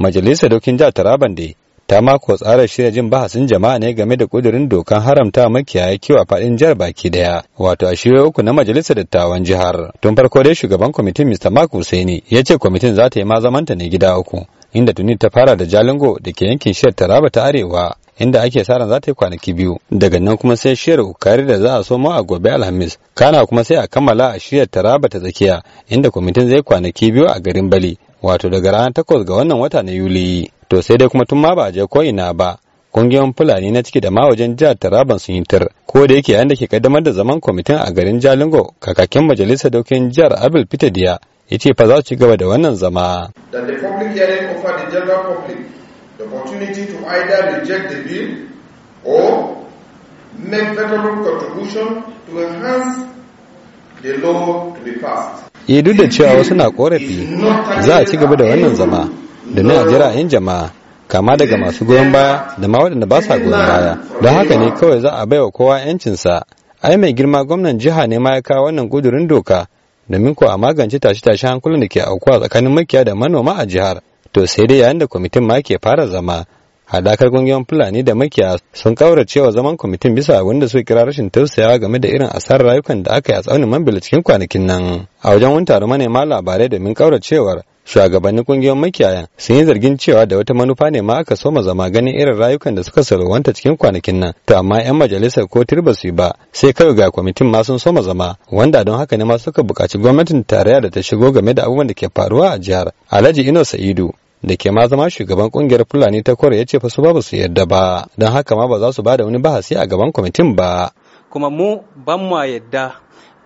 majalisar dokin jihar taraban da ta mako tsara shirya jin bahasin jama'a ne game da kudirin dokan haramta makiyaya kiwo a fadin jihar baki daya wato a shirya uku na majalisar dattawan jihar tun farko dai shugaban kwamitin mr mark husaini ya ce kwamitin za ta yi mazamanta ne gida uku inda tuni ta fara da jalingo da ke yankin shiyar taraba ta arewa inda ake sa ran za ta yi kwanaki biyu daga nan kuma sai shiyar ukari da za a mu a gobe alhamis kana kuma sai a kammala a shiyar taraba ta tsakiya inda kwamitin zai kwanaki biyu a garin bali wato daga ranar takwas ga wannan wata na yuli to sai dai kuma tun ma ba a je ko'ina ba kungiyoyin fulani na ciki da ma wajen jihar taraban sun yi tir ko da yake yayin da ke kaddamar da zaman kwamitin a garin jalingo kakakin majalisar dokin jihar abil fitadiya ya ce fa za su ci gaba da wannan zama make federal contribution to enhance the law to be passed ya eh, duk da cewa wasu na korafi za a ci gaba da wannan zama da na jira yan jama'a kama daga masu goyon baya da ma waɗanda ba sa goyon baya don haka ne kawai za a baiwa kowa yancinsa ai mai girma gwamnan jiha ne ma ya kawo wannan gudurin doka domin ko a magance tashe tashi hankulan da ke aukuwa tsakanin makiya da manoma a jihar to sai dai yayin da kwamitin ma ke fara zama hadakar kungiyoyin fulani da makiya sun kaura cewa zaman kwamitin bisa abin da suka kira rashin tausayawa game da irin asarar rayukan da aka yi a tsaunin mambila cikin kwanakin nan a wajen wani taron manema labarai domin kaura cewar shugabannin kungiyoyin makiyayan sun yi zargin cewa da wata manufa ne ma aka soma zama ganin irin rayukan da suka sarwanta cikin kwanakin nan to amma yan majalisar ko turba su ba sai kawai ga kwamitin ma sun soma zama wanda don haka ne ma suka buƙaci gwamnatin tarayya da ta shigo game da abubuwan da ke faruwa a jihar alhaji ino sa'idu da ke ma zama shugaban kungiyar fulani ta kore ya ce fa su ba su yadda ba don haka ma ba za su ba da wani bahasi a gaban kwamitin ba kuma mu ban ma yadda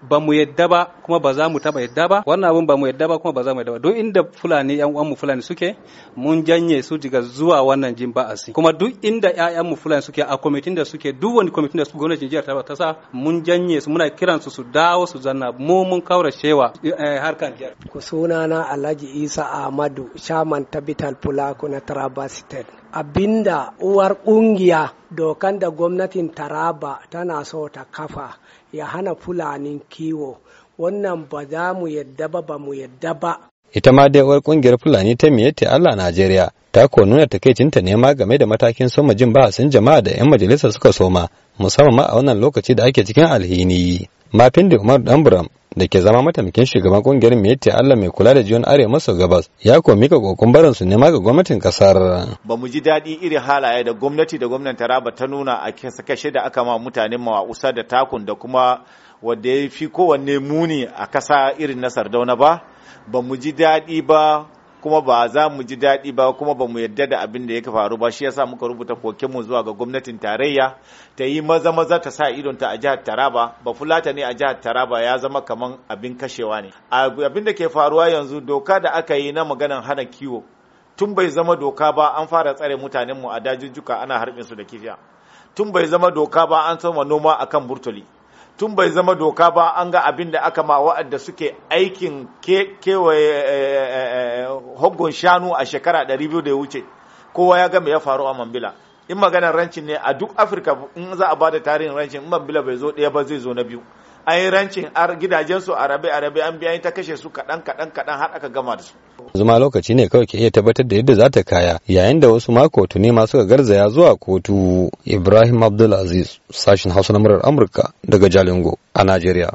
ba mu yadda ba kuma ba za mu taba yadda ba wannan abin ba mu yadda ba kuma ba za mu yadda ba duk inda fulani yan uwan mu fulani suke mun janye su diga zuwa wannan jin asi kuma duk inda yayan mu fulani suke a committee da suke duk wani committee da gwamnatin jihar ta sa mun janye su muna kiran su su dawo su zanna mu mun kaura shewa eh, harkan jihar ku sunana Alhaji Isa Ahmadu Shaman Tabital Fulako na Taraba State abinda uwar kungiya dokan da gwamnatin taraba tana so ta kafa ya hana fulanin kiwo wannan ba za mu yadda ba ba mu yadda ba ita ma dai uwar kungiyar fulani ta miyetti allah najeriya ta ko nuna takeicinta ne ma game da matakin soma jin bahasin jama'a da 'yan majalisar suka soma musamman ma a wannan lokaci da ake cikin alhini mafin da umar danburam da ke zama mataimakin shugaban kungiyar Miyetti Allah mai kula da jiyon arewa maso gabas ya komi ga kokon barin su nema ga gwamnatin kasar. Ba mu ji daɗi irin halaye da gwamnati da gwamnan Taraba ta nuna a kashe da aka ma mutanen mawausa da takun da kuma wanda ya fi kowanne muni a kasa irin na Sardauna ba. Ba mu ji daɗi ba kuma ba za mu ji daɗi ba kuma ba mu yadda da abin da ya faru ba shi yasa muka rubuta kokinmu zuwa ga gwamnatin tarayya ta yi maza maza ta sa idon ta a jihar Taraba ba fulata ne a jihar Taraba ya zama kamar abin kashewa ne abin da ke faruwa yanzu doka da aka yi na maganan hana kiwo tun bai zama doka ba an fara tsare mutanenmu a dajujjuka ana harbin su da kifiya tun bai zama doka ba an soma noma akan burtuli tun bai zama doka ba an ga abin da aka ma wa'adda suke aikin kewaye eh, eh, eh, hoggon shanu a shekara 200 da ya wuce kowa ya gama ya faru a mambila in maganar rancin ne a duk afirka in za a ba da tarihin rancin in mambila bai zo ɗaya ba zai zo na biyu an yi rancin gidajensu a rabe a rabe an biya ta kashe su kaɗan kaɗan kaɗan har aka gama da su. zuma lokaci ne kawai ke iya tabbatar da yadda za ta kaya yayin da wasu mako tuni ma suka garzaya zuwa kotu ibrahim abdulaziz sashin hausa na murar amurka daga jalingo a najeriya.